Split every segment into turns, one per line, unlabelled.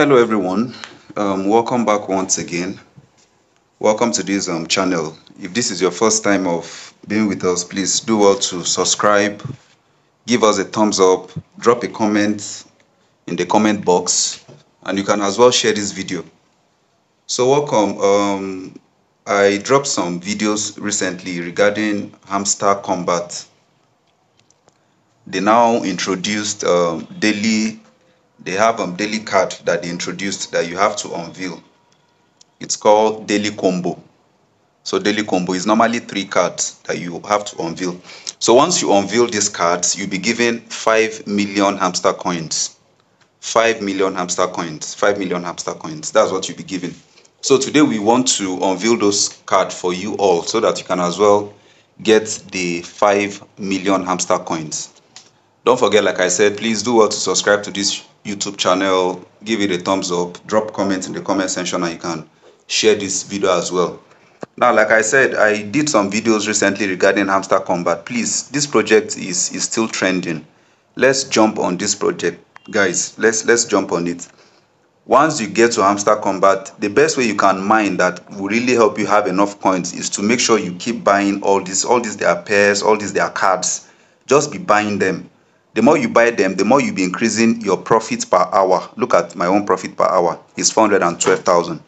hello everyone um, welcome back once again welcome to this um, channel if this is your first time of being with us please do well to subscribe give us a thumbs up drop a comment in the comment box and you can as well share this video so welcome um, I dropped some videos recently regarding hamster combat they now introduced um, daily they have a um, daily card that they introduced that you have to unveil it's called daily combo so daily combo is normally three cards that you have to unveil so once you unveil these cards you'll be given 5 million hamster coins 5 million hamster coins 5 million hamster coins that's what you'll be given so today we want to unveil those cards for you all so that you can as well get the 5 million hamster coins don't forget like i said please do well to subscribe to this YouTube channel, give it a thumbs up, drop comments in the comment section, and you can share this video as well. Now, like I said, I did some videos recently regarding hamster combat. Please, this project is, is still trending. Let's jump on this project. Guys, let's, let's jump on it. Once you get to hamster combat, the best way you can mine that will really help you have enough coins is to make sure you keep buying all these, all these their pairs, all these their cards. Just be buying them the more you buy them, the more you'll be increasing your profit per hour. Look at my own profit per hour. It's 412,000.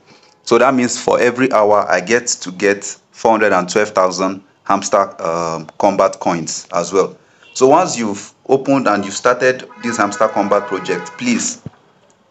So that means for every hour, I get to get 412,000 hamster um, combat coins as well. So once you've opened and you've started this hamster combat project, please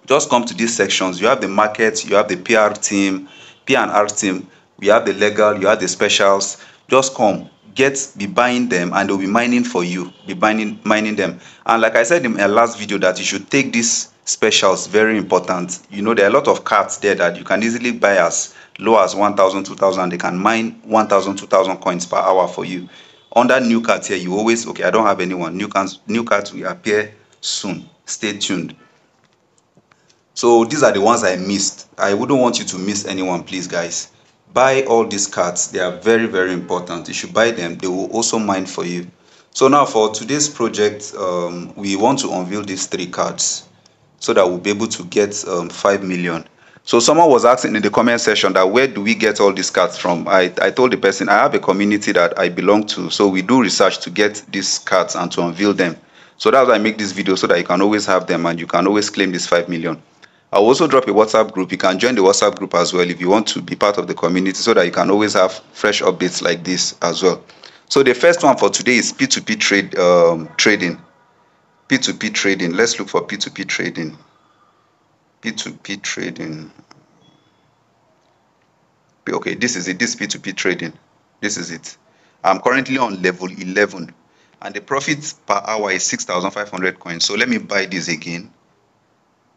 just come to these sections. You have the market, you have the PR team, P&R team, you have the legal, you have the specials. Just come get be buying them and they'll be mining for you be mining mining them and like i said in my last video that you should take these specials very important you know there are a lot of cards there that you can easily buy as low as 1000 2000 they can mine 1000 2000 coins per hour for you under new cards here you always okay i don't have anyone new cards new cards will appear soon stay tuned so these are the ones i missed i wouldn't want you to miss anyone please guys buy all these cards they are very very important you should buy them they will also mine for you so now for today's project um, we want to unveil these three cards so that we'll be able to get um, 5 million so someone was asking in the comment section that where do we get all these cards from I, I told the person i have a community that i belong to so we do research to get these cards and to unveil them so that's why i make this video so that you can always have them and you can always claim this 5 million I'll also drop a WhatsApp group. You can join the WhatsApp group as well if you want to be part of the community so that you can always have fresh updates like this as well. So the first one for today is P2P trade um, trading. P2P trading. Let's look for P2P trading. P2P trading. Okay, this is it. This P2P trading. This is it. I'm currently on level 11 and the profit per hour is 6,500 coins. So let me buy this again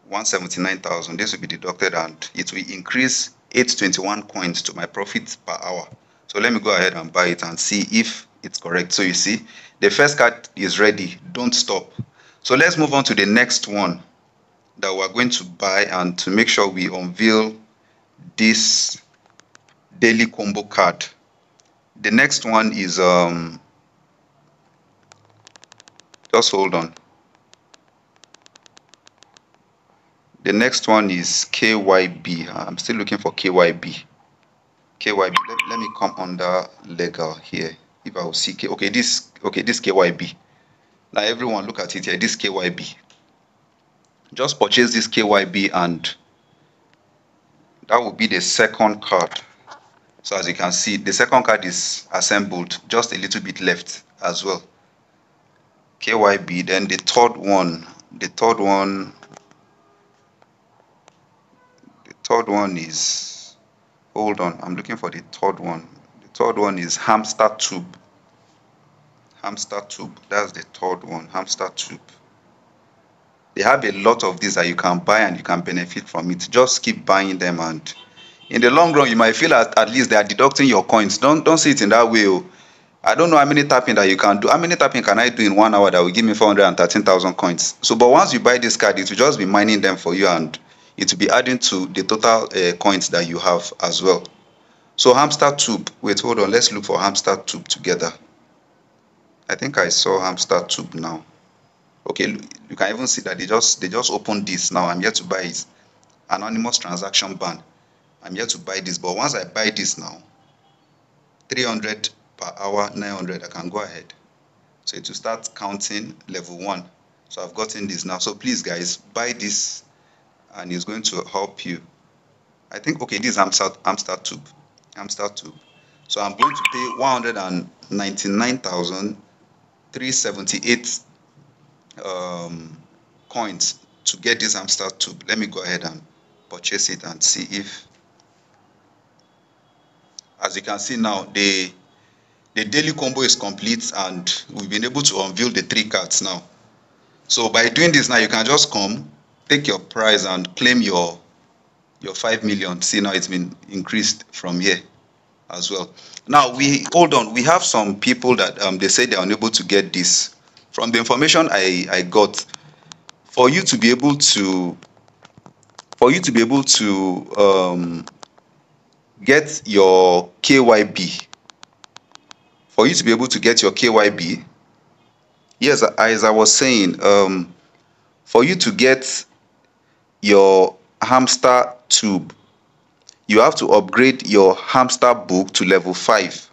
179,000. This will be deducted and it will increase 821 coins to my profit per hour. So let me go ahead and buy it and see if it's correct. So you see, the first card is ready. Don't stop. So let's move on to the next one that we're going to buy and to make sure we unveil this daily combo card. The next one is um, just hold on The next one is KYB. Uh, I'm still looking for KYB. KYB. Let, let me come under legal here. If I will see K, okay, this okay, this KYB. Now everyone look at it here. This KYB. Just purchase this KYB and that will be the second card. So as you can see, the second card is assembled, just a little bit left as well. KYB, then the third one, the third one third one is, hold on, I'm looking for the third one. The third one is hamster tube. Hamster tube, that's the third one, hamster tube. They have a lot of these that you can buy and you can benefit from it. Just keep buying them and in the long run, you might feel at, at least they are deducting your coins. Don't don't see it in that way. Oh. I don't know how many tapping that you can do. How many tapping can I do in one hour that will give me 413,000 coins? So, but once you buy this card, it will just be mining them for you and it will be adding to the total uh, coins that you have as well. So hamster tube, wait, hold on, let's look for hamster tube together. I think I saw hamster tube now. Okay, you can even see that they just they just opened this now. I'm here to buy it. Anonymous transaction ban. I'm here to buy this, but once I buy this now, 300 per hour, 900, I can go ahead. So it will start counting level one. So I've gotten this now. So please guys, buy this and it's going to help you. I think, okay, this is Amstar, Amstar Tube. Amstar Tube. So I'm going to pay 199,378 um, coins to get this Amstar Tube. Let me go ahead and purchase it and see if, as you can see now, the, the daily combo is complete and we've been able to unveil the three cards now. So by doing this now, you can just come take your prize and claim your your five million. See now it's been increased from here as well. Now we hold on. We have some people that um, they say they are unable to get this. From the information I, I got, for you to be able to for you to be able to um, get your KYB, for you to be able to get your KYB, yes, as I was saying, um, for you to get your hamster tube. You have to upgrade your hamster book to level 5.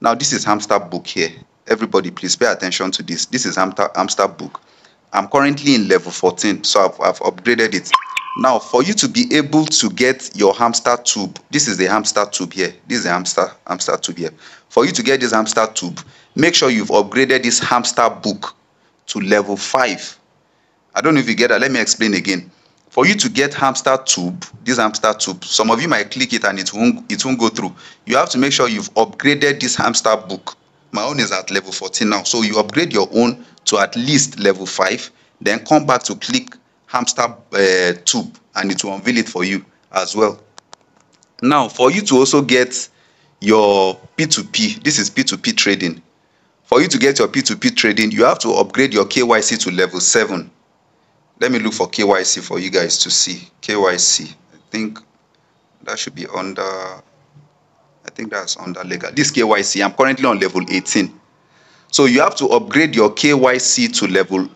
Now this is hamster book here. Everybody please pay attention to this. This is hamster, hamster book. I'm currently in level 14 so I've, I've upgraded it. Now for you to be able to get your hamster tube, this is the hamster tube here. This is the hamster, hamster tube here. For you to get this hamster tube, make sure you've upgraded this hamster book to level 5. I don't know if you get that. Let me explain again for you to get hamster tube, this hamster tube, some of you might click it and it won't, it won't go through. You have to make sure you've upgraded this hamster book. My own is at level 14 now. So you upgrade your own to at least level 5, then come back to click hamster uh, tube and it will unveil it for you as well. Now, for you to also get your P2P, this is P2P trading. For you to get your P2P trading, you have to upgrade your KYC to level 7 let me look for KYC for you guys to see. KYC, I think that should be under, I think that's under legal. This KYC, I'm currently on level 18. So you have to upgrade your KYC to level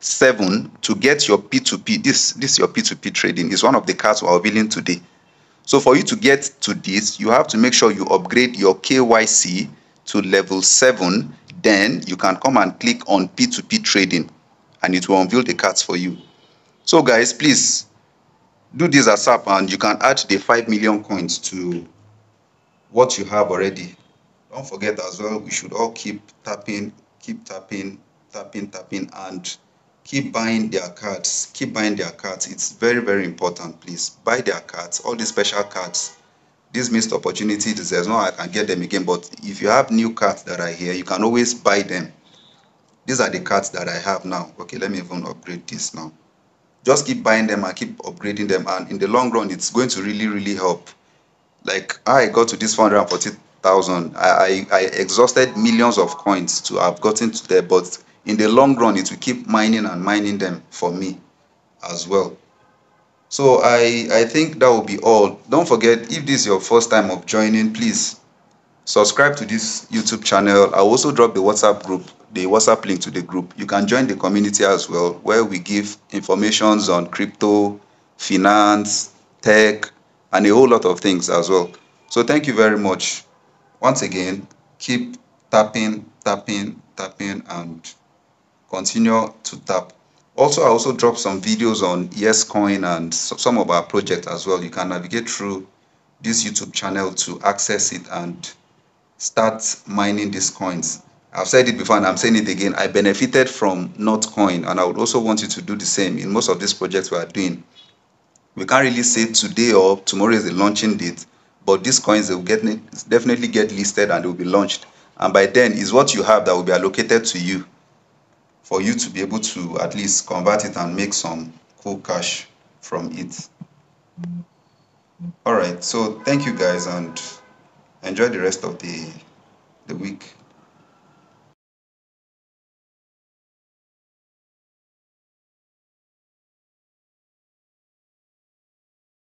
7 to get your P2P. This, this your P2P trading. is one of the cards we're revealing today. So for you to get to this, you have to make sure you upgrade your KYC to level 7. Then you can come and click on P2P trading and it will unveil the cards for you. So guys, please do this ASAP and you can add the 5 million coins to what you have already. Don't forget as well, we should all keep tapping, keep tapping, tapping, tapping and keep buying their cards. Keep buying their cards. It's very, very important. Please buy their cards, all the special cards. These missed opportunities, there's no I can get them again. But if you have new cards that are here, you can always buy them these are the cards that I have now. Okay, let me even upgrade this now. Just keep buying them and keep upgrading them. And in the long run, it's going to really, really help. Like I got to this 440,000. I, I, I exhausted millions of coins to have gotten to there. But in the long run, it will keep mining and mining them for me as well. So I, I think that will be all. Don't forget, if this is your first time of joining, please Subscribe to this YouTube channel. I also drop the WhatsApp group, the WhatsApp link to the group. You can join the community as well, where we give informations on crypto, finance, tech, and a whole lot of things as well. So thank you very much. Once again, keep tapping, tapping, tapping, and continue to tap. Also, I also drop some videos on ESCoin and some of our projects as well. You can navigate through this YouTube channel to access it and start mining these coins. I've said it before and I'm saying it again. I benefited from Notcoin and I would also want you to do the same in most of these projects we are doing. We can't really say today or tomorrow is the launching date, but these coins they will get definitely get listed and they will be launched. And by then is what you have that will be allocated to you for you to be able to at least convert it and make some cool cash from it. All right, so thank you guys and enjoy the rest of the the week